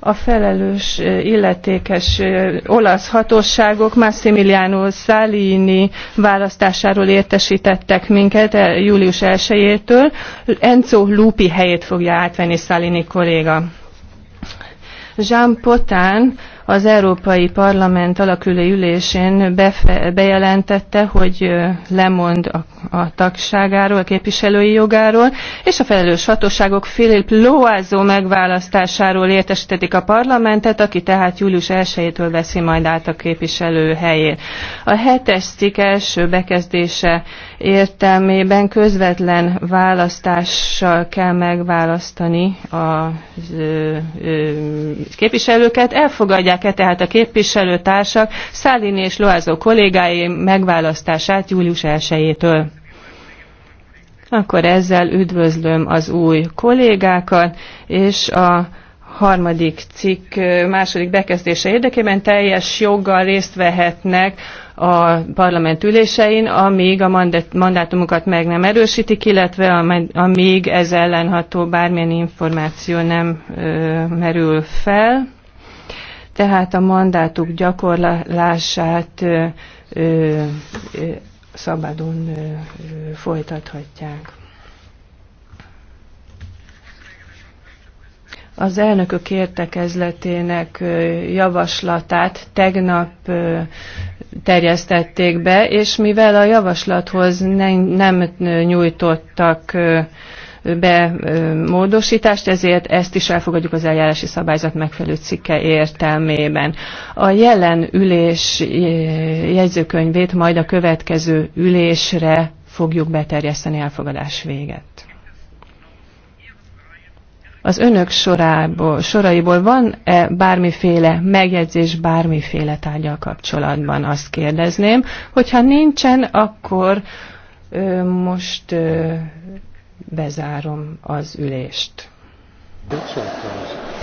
a felelős illetékes olasz hatóságok Massimiliano Salini választásáról értesítettek minket eh, július 1-től. Enzo Lupi helyét fogja átvenni Salini kolléga. Jean Potán az Európai Parlament alakülő ülésén befe, bejelentette, hogy lemond a, a tagságáról, a képviselői jogáról, és a felelős hatóságok Philip Loazó megválasztásáról értesítették a parlamentet, aki tehát július 1-től veszi majd át a képviselő helyét. A hetes cikk első bekezdése értelmében közvetlen választással kell megválasztani a képviselőket. Elfogadják támogatják-e tehát a képviselőtársak Szálini és Loázó kollégái megválasztását július 1-től. Akkor ezzel üdvözlöm az új kollégákat, és a harmadik cikk második bekezdése érdekében teljes joggal részt vehetnek a parlament ülésein, amíg a mandátumukat meg nem erősítik, illetve amíg ez ellenható bármilyen információ nem merül fel tehát a mandátuk gyakorlását ö, ö, szabadon ö, folytathatják. Az elnökök értekezletének javaslatát tegnap terjesztették be, és mivel a javaslathoz nem nyújtottak bemódosítást, ezért ezt is elfogadjuk az eljárási szabályzat megfelelő cikke értelmében. A jelen ülés eh, jegyzőkönyvét majd a következő ülésre fogjuk beterjeszteni elfogadás véget. Az önök sorából, soraiból van-e bármiféle megjegyzés, bármiféle tárgyal kapcsolatban, azt kérdezném. Hogyha nincsen, akkor ö, eh, most ö, eh, bezárom az ülést. Köszönöm.